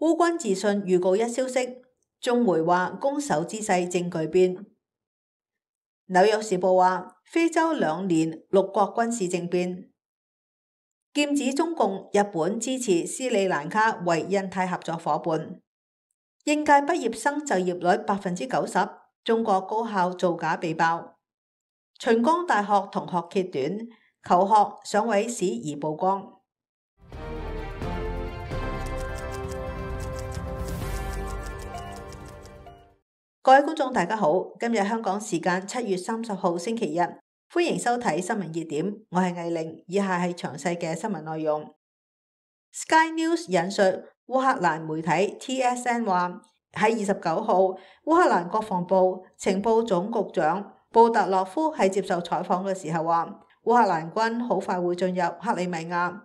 烏軍自信預告一消息，中媒話攻守之勢正巨變。紐約時報話非洲兩年六國軍事政變，劍指中共、日本支持斯里蘭卡為印太合作夥伴。應屆畢業生就業率百分之九十，中國高校造假被曝，秦剛大學同學揭短，求學上位史疑曝光。各位觀眾大家好，今日香港時間七月三十號星期日，歡迎收睇新聞熱點，我係艾凌，以下係詳細嘅新聞內容。Sky News 引述烏克蘭媒體 TSN 話喺二十九號，烏克蘭國防部情報總局長布特洛夫喺接受採訪嘅時候話，烏克蘭軍好快會進入克里米亞。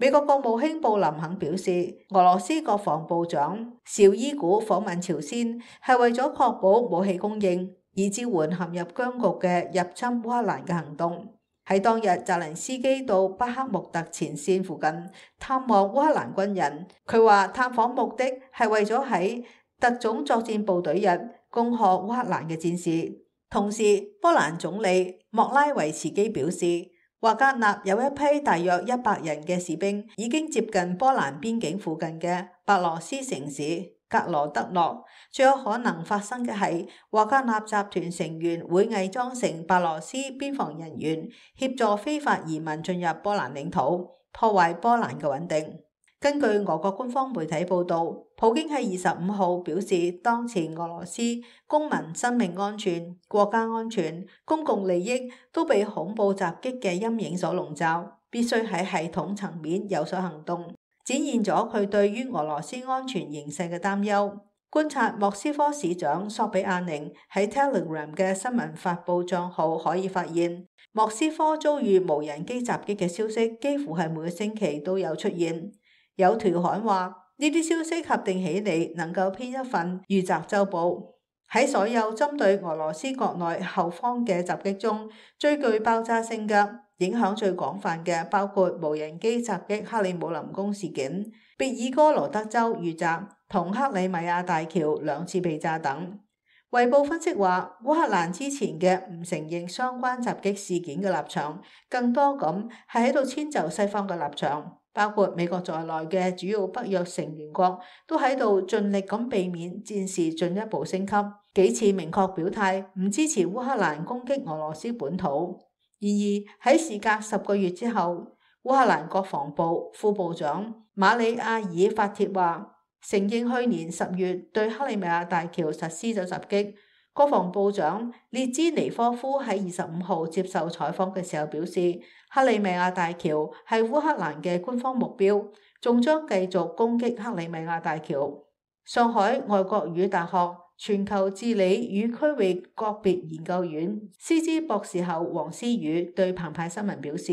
美國國務卿布林肯表示，俄羅斯國防部長紹伊古訪問朝鮮，係為咗確保武器供應，以支援陷入僵局嘅入侵烏克蘭嘅行動。喺當日，澤連斯基到巴克穆特前線附近探望烏克蘭軍人，佢話探訪目的係為咗喺特種作戰部隊日恭賀烏克蘭嘅戰士。同時，波蘭總理莫拉維茨基表示。華格納有一批大約一百人嘅士兵，已經接近波蘭邊境附近嘅白羅斯城市格羅德諾。最有可能發生嘅係，華格納集團成員會偽裝成白羅斯邊防人員，協助非法移民進入波蘭領土，破壞波蘭嘅穩定。根據俄國官方媒體報道，普京喺二十五號表示，當前俄羅斯公民生命安全、國家安全、公共利益都被恐怖襲擊嘅陰影所籠罩，必須喺系統層面有所行動，展現咗佢對於俄羅斯安全形勢嘅擔憂。觀察莫斯科市長索比亞寧喺 Telegram 嘅新聞發布賬號，可以發現，莫斯科遭遇無人機襲擊嘅消息幾乎係每個星期都有出現。有條刊話：呢啲消息合定起嚟，能夠編一份遇襲週報。喺所有針對俄羅斯國內後方嘅襲擊中，最具爆炸性嘅、影響最廣泛嘅，包括無人機襲擊克里姆林宮事件、別爾哥羅德州遇襲同克里米亞大橋兩次被炸等。衛報分析話，烏克蘭之前嘅唔承認相關襲擊事件嘅立場，更多咁係喺度遷就西方嘅立場。包括美國在內嘅主要北約成員國都喺度盡力咁避免戰事進一步升級，幾次明確表態唔支持烏克蘭攻擊俄羅斯本土。然而喺事隔十個月之後，烏克蘭國防部副部長馬里亞爾發帖話，承認去年十月對克里米亞大橋實施咗襲擊。國防部長列茲尼科夫喺二十五號接受採訪嘅時候表示，克里米亞大橋係烏克蘭嘅官方目標，仲將繼續攻擊克里米亞大橋。上海外國語大學全球治理與區域國別研究院師資博士後黃思雨對澎湃新聞表示，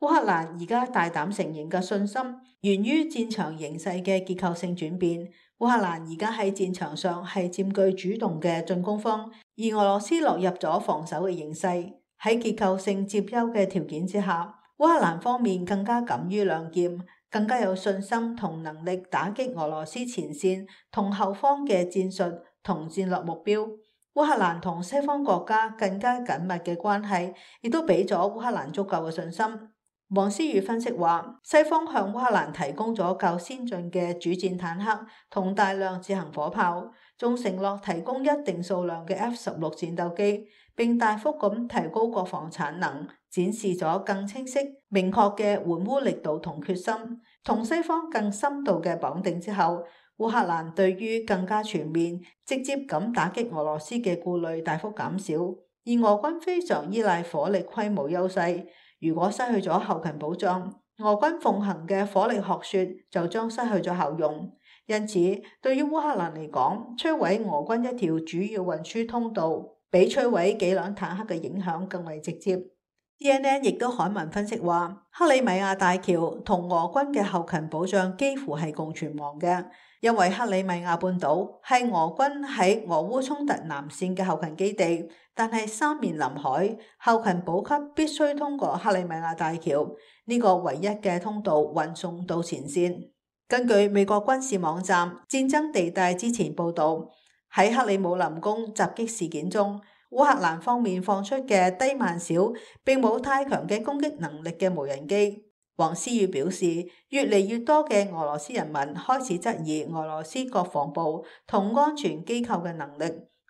烏克蘭而家大膽承認嘅信心，源於戰場形勢嘅結構性轉變。烏克蘭而家喺戰場上係佔據主動嘅進攻方，而俄羅斯落入咗防守嘅形勢。喺結構性接優嘅條件之下，烏克蘭方面更加敢於亮劍，更加有信心同能力打擊俄羅斯前線同後方嘅戰術同戰略目標。烏克蘭同西方國家更加緊密嘅關係，亦都俾咗烏克蘭足夠嘅信心。王思宇分析話：西方向烏克蘭提供咗較先進嘅主戰坦克同大量自行火炮，仲承諾提供一定數量嘅 F 十六戰鬥機，並大幅咁提高國防產能，展示咗更清晰、明確嘅援烏力度同決心，同西方更深度嘅綁定之後，烏克蘭對於更加全面、直接咁打擊俄羅斯嘅顧慮大幅減少，而俄軍非常依賴火力規模優勢。如果失去咗後勤保障，俄軍奉行嘅火力學說就將失去咗效用。因此，對於烏克蘭嚟講，摧毀俄軍一條主要運輸通道，比摧毀幾輛坦克嘅影響更為直接。D.N.N 亦都刊文分析話，克里米亞大橋同俄軍嘅後勤保障幾乎係共存亡嘅，因為克里米亞半島係俄軍喺俄烏衝突南線嘅後勤基地，但係三面臨海，後勤補給必須通過克里米亞大橋呢個唯一嘅通道運送到前線。根據美國軍事網站《戰爭地帶》之前報道，喺克里姆林宮襲擊事件中，烏克蘭方面放出嘅低慢小並冇太強嘅攻擊能力嘅無人機。黃思宇表示，越嚟越多嘅俄羅斯人民開始質疑俄羅斯國防部同安全機構嘅能力，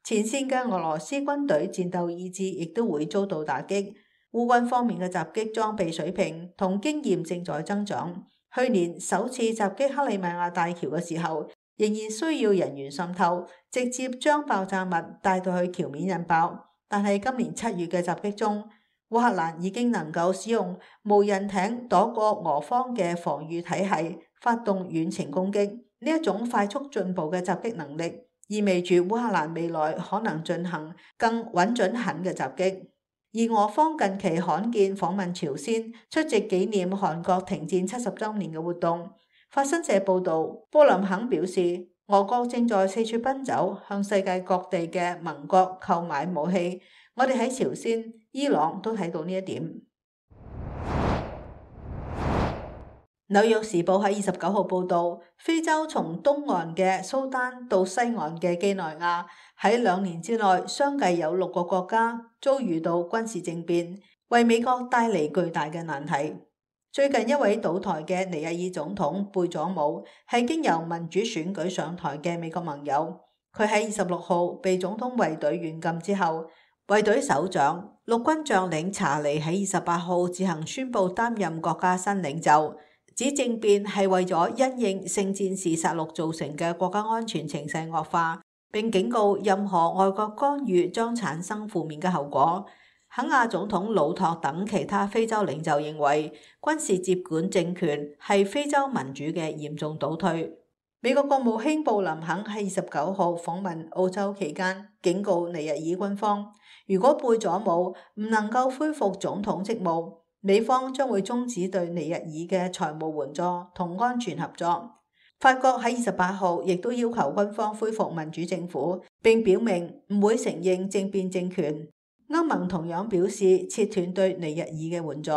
前綫嘅俄羅斯軍隊戰鬥意志亦都會遭到打擊。烏軍方面嘅襲擊裝備水平同經驗正在增長，去年首次襲擊克里米亞大橋嘅時候。仍然需要人員滲透，直接將爆炸物帶到去橋面引爆。但係今年七月嘅襲擊中，烏克蘭已經能夠使用無人艇躲過俄方嘅防禦體系，發動遠程攻擊。呢一種快速進步嘅襲擊能力，意味住烏克蘭未來可能進行更穩準狠嘅襲擊。而俄方近期罕見訪問朝鮮，出席紀念韓國停戰七十週年嘅活動。法新社報道，布林肯表示，俄國正在四處奔走，向世界各地嘅盟國購買武器。我哋喺朝鮮、伊朗都睇到呢一點。紐約時報喺二十九號報道，非洲從東岸嘅蘇丹到西岸嘅幾內亞，喺兩年之內相繼有六個國家遭遇到軍事政變，為美國帶嚟巨大嘅難題。最近一位倒台嘅尼日爾總統貝佐姆係經由民主選舉上台嘅美國盟友，佢喺二十六號被總統衛隊軟禁之後，衛隊首長陸軍將領查理喺二十八號自行宣布擔任國家新領袖，指政變係為咗因應聖戰士殺戮造成嘅國家安全情勢惡化，並警告任何外國干預將產生負面嘅後果。肯亞總統魯托等其他非洲領袖認為，軍事接管政權係非洲民主嘅嚴重倒退。美國國務卿布林肯喺二十九號訪問澳洲期間，警告尼日爾軍方，如果貝佐姆唔能夠恢復總統職務，美方將會終止對尼日爾嘅財務援助同安全合作。法國喺二十八號亦都要求軍方恢復民主政府，並表明唔會承認政變政權。歐盟同樣表示切斷對尼日爾嘅援助。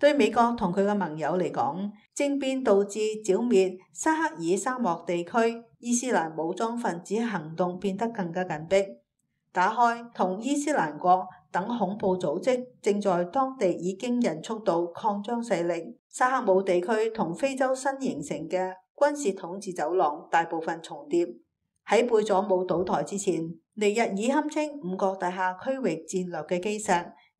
對美國同佢嘅盟友嚟講，政變導致剿滅，滅沙克爾沙漠地區伊斯蘭武裝分子行動變得更加緊迫。打開同伊斯蘭國等恐怖組織正在當地以驚人速度擴張勢力。沙克姆地區同非洲新形成嘅軍事統治走廊大部分重疊。喺貝佐冇倒台之前，尼日爾堪稱五角大廈區域戰略嘅基石，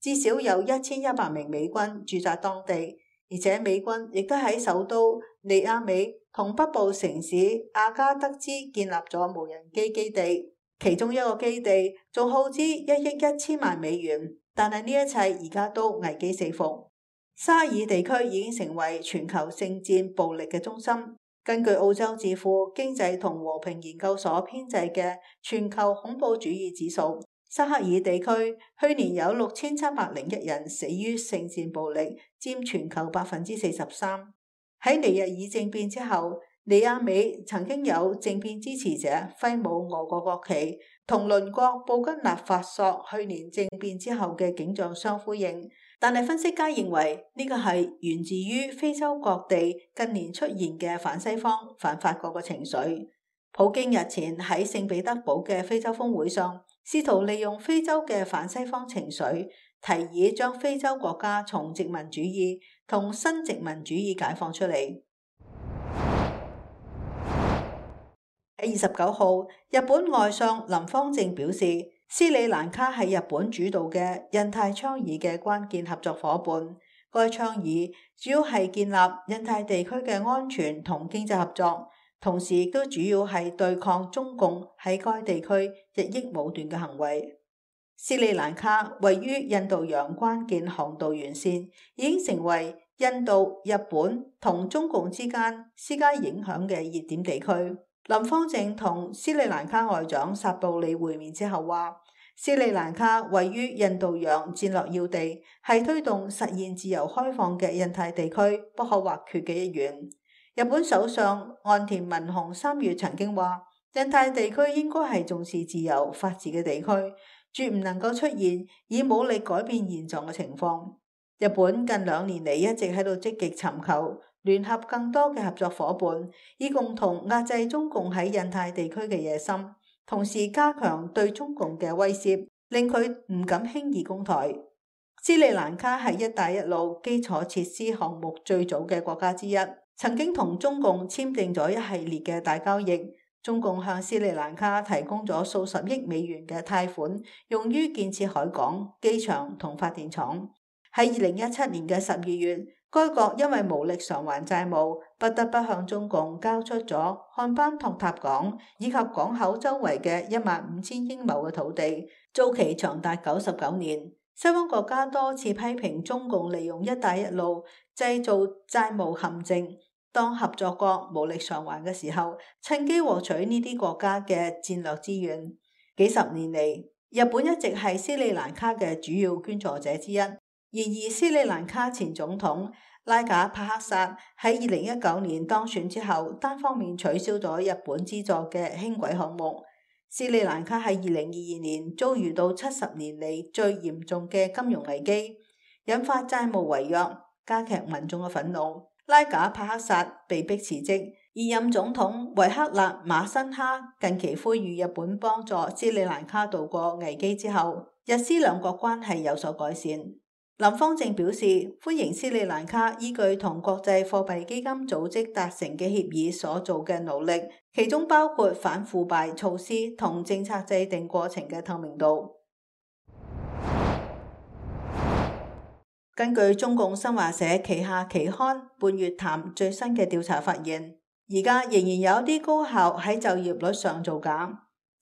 至少有一千一百名美軍駐紮當地，而且美軍亦都喺首都尼亞美同北部城市阿加德茲建立咗無人機基地，其中一個基地仲耗資一億一千萬美元，但係呢一切而家都危機四伏，沙爾地區已經成為全球聖戰暴力嘅中心。根據澳洲智庫經濟同和，和平研究所編製嘅全球恐怖主義指數，沙克爾地區去年有六千七百零一人死於聖戰暴力，佔全球百分之四十三。喺尼日爾政變之後，尼亞美曾經有政變支持者揮舞俄國國旗。同鄰國布吉納法索去年政變之後嘅景象相呼應，但係分析家認為呢個係源自於非洲各地近年出現嘅反西方、反法國嘅情緒。普京日前喺聖彼得堡嘅非洲峰會上，試圖利用非洲嘅反西方情緒，提議將非洲國家從殖民主義同新殖民主義解放出嚟。喺二十九號，日本外相林方正表示，斯里蘭卡係日本主導嘅印太倡議嘅關鍵合作伙伴。該倡議主要係建立印太地區嘅安全同經濟合作，同時亦都主要係對抗中共喺該地區日益武斷嘅行為。斯里蘭卡位於印度洋關鍵航道沿線，已經成為印度、日本同中共之間施加影響嘅熱點地區。林芳正同斯里蘭卡外長薩布里會面之後話，斯里蘭卡位於印度洋戰略要地，係推動實現自由開放嘅印太地區不可或缺嘅一員。日本首相岸田文雄三月曾經話，印太地區應該，係重視自由法治嘅地區，絕唔能夠出現以武力改變現狀嘅情況。日本近兩年嚟一直喺度積極尋求。聯合更多嘅合作夥伴，以共同壓制中共喺印太地區嘅野心，同時加強對中共嘅威懾，令佢唔敢輕易攻台。斯里蘭卡係一帶一路基礎設施項目最早嘅國家之一，曾經同中共簽訂咗一系列嘅大交易。中共向斯里蘭卡提供咗數十億美元嘅貸款，用於建設海港、機場同發電廠。喺二零一七年嘅十二月。該國因為無力償還債務，不得不向中共交出咗漢班托塔港以及港口周圍嘅一萬五千英畝嘅土地，租期長達九十九年。西方國家多次批評中共利用“一帶一路”製造債務陷阱，當合作國無力償還嘅時候，趁機獲取呢啲國家嘅戰略資源。幾十年嚟，日本一直係斯里蘭卡嘅主要捐助者之一。然而，斯里蘭卡前總統拉賈帕克薩喺二零一九年當選之後，單方面取消咗日本資助嘅輕軌項目。斯里蘭卡喺二零二二年遭遇到七十年嚟最嚴重嘅金融危機，引發債務違約，加劇民眾嘅憤怒。拉賈帕克薩被迫辭職，現任總統維克勒馬辛哈近期呼籲日本幫助斯里蘭卡渡過危機之後，日斯兩國關係有所改善。林方正表示，歡迎斯里蘭卡依據同國際貨幣基金組織達成嘅協議所做嘅努力，其中包括反腐敗措施同政策制定過程嘅透明度。 根據中共新華社旗下期刊《半月談》最新嘅調查發現，而家仍然有一啲高校喺就業率上造假。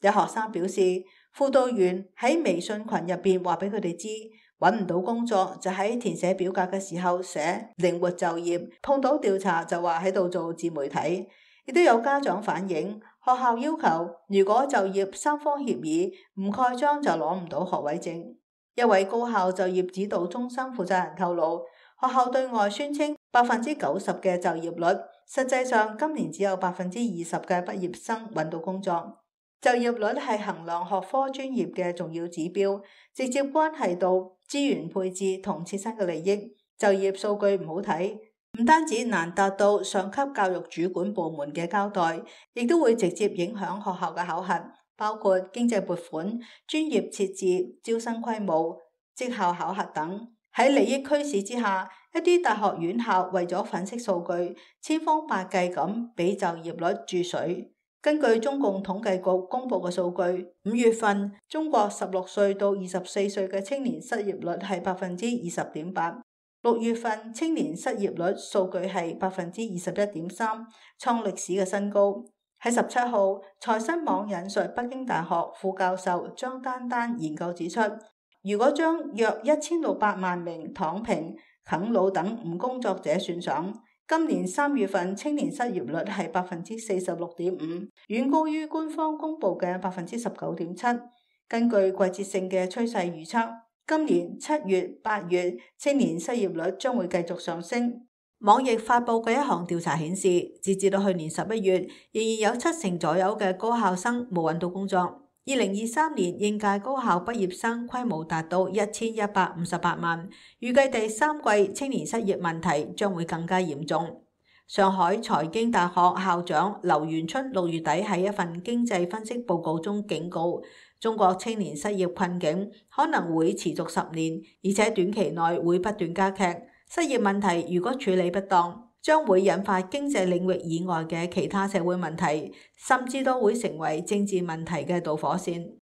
有學生表示，輔導員喺微信群入邊話俾佢哋知。揾唔到工作就喺填寫表格嘅時候寫靈活就業，碰到調查就話喺度做自媒體。亦都有家長反映，學校要求如果就業三方協議唔蓋章就攞唔到學位證。一位高校就業指導中心負責人透露，學校對外宣稱百分之九十嘅就業率，實際上今年只有百分之二十嘅畢業生揾到工作。就業率係衡量學科專業嘅重要指標，直接關係到資源配置同切身嘅利益，就業數據唔好睇，唔單止難達到上級教育主管部門嘅交代，亦都會直接影響學校嘅考核，包括經濟撥款、專業設置、招生規模、績效考核等。喺利益驅使之下，一啲大學院校為咗粉飾數據，千方百計咁俾就業率注水。根據中共統計局公布嘅數據，五月份中國十六歲到二十四歲嘅青年失業率係百分之二十點八，六月份青年失業率數據係百分之二十一點三，創歷史嘅新高。喺十七號，財新網引述北京大學副教授張丹丹研究指出，如果將約一千六百萬名躺平、啃老等唔工作者算上。今年三月份青年失業率係百分之四十六點五，遠高於官方公布嘅百分之十九點七。根據季節性嘅趨勢預測，今年七月、八月青年失業率將會繼續上升。網易發布嘅一項調查顯示，截至到去年十一月，仍然有七成左右嘅高校生冇揾到工作。二零二三年應屆高校畢業生規模達到一千一百五十八萬，預計第三季青年失業問題將會更加嚴重。上海財經大學校長劉元春六月底喺一份經濟分析報告中警告，中國青年失業困境可能會持續十年，而且短期內會不斷加劇。失業問題如果處理不當，將會引發經濟領域以外嘅其他社會問題，甚至都會成為政治問題嘅導火線。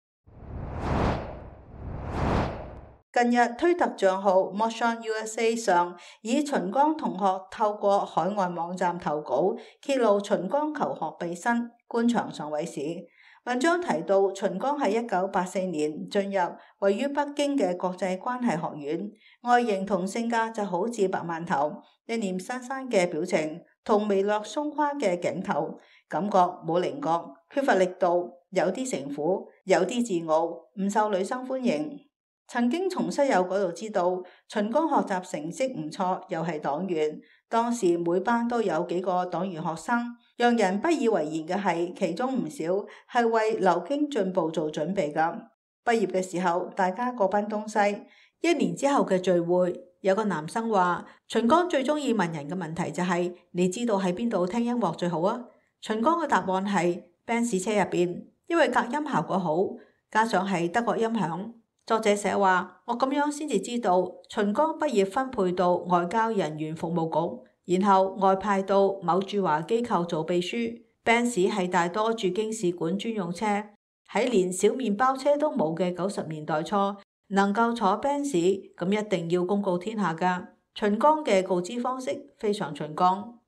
近日，推特帳號 @MoshonUSA 上以秦剛同學透過海外網站投稿揭露秦剛求學背身官場上位史。文章提到，秦剛喺一九八四年進入位於北京嘅國際關係學院，外形同性格就好似白饅頭，一臉生山嘅表情，同微落鬆垮嘅頸頭，感覺冇棱角，缺乏力度，有啲城府，有啲自傲，唔受女生歡迎。曾經從室友嗰度知道秦剛學習成績唔錯，又係黨員。當時每班都有幾個黨員學生，讓人不以為然嘅係其中唔少係為留京進步做準備嘅。畢業嘅時候，大家各奔東西。一年之後嘅聚會，有個男生話秦剛最中意問人嘅問題就係、是、你知道喺邊度聽音樂最好啊？秦剛嘅答案係 band 車入邊，因為隔音效果好，加上係德國音響。作者寫話，我咁樣先至知道秦剛畢業分配到外交人員服務局，然後外派到某駐華機構做秘書。Benz 係大多駐京使館專用車，喺連小麵包車都冇嘅九十年代初，能夠坐 Benz，咁一定要公告天下噶。秦剛嘅告知方式非常秦剛。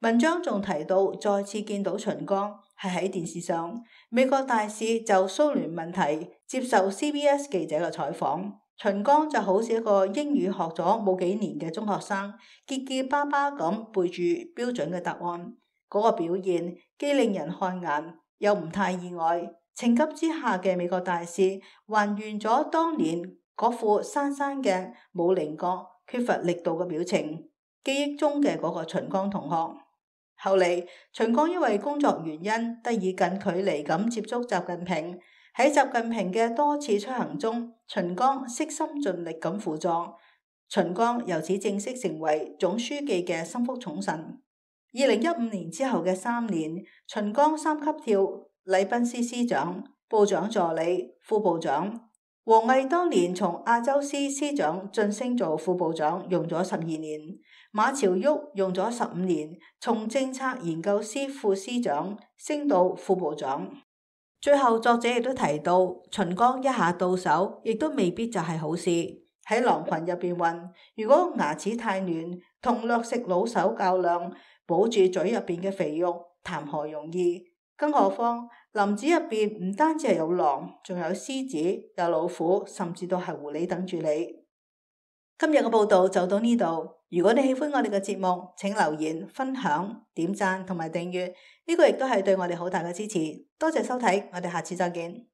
文章仲提到，再次見到秦剛係喺電視上。美國大使就蘇聯問題接受 CBS 記者嘅採訪，秦剛就好似一個英語學咗冇幾年嘅中學生，結結巴巴咁背住標準嘅答案，嗰、那個表現既令人汗顏又唔太意外。情急之下嘅美國大使還原咗當年嗰副生生嘅冇棱角、缺乏力度嘅表情，記憶中嘅嗰個秦剛同學。後嚟，秦剛因為工作原因得以近距離咁接觸習近平。喺習近平嘅多次出行中，秦剛悉心盡力咁輔助。秦剛由此正式成為總書記嘅心腹重臣。二零一五年之後嘅三年，秦剛三級跳，禮賓司司長、部長助理、副部長。王毅當年從亞洲司司長晉升做副部長，用咗十二年；馬朝旭用咗十五年，從政策研究司副司長升到副部長。最後作者亦都提到，秦剛一下到手，亦都未必就係好事。喺狼群入邊混，如果牙齒太嫩，同掠食老手較量，保住嘴入邊嘅肥肉，談何容易？更何況。林子入面唔單止係有狼，仲有獅子、有老虎，甚至都係狐狸等住你。今日嘅報道就到呢度。如果你喜歡我哋嘅節目，請留言、分享、點讚同埋訂閱，呢、這個亦都係對我哋好大嘅支持。多謝收睇，我哋下次再見。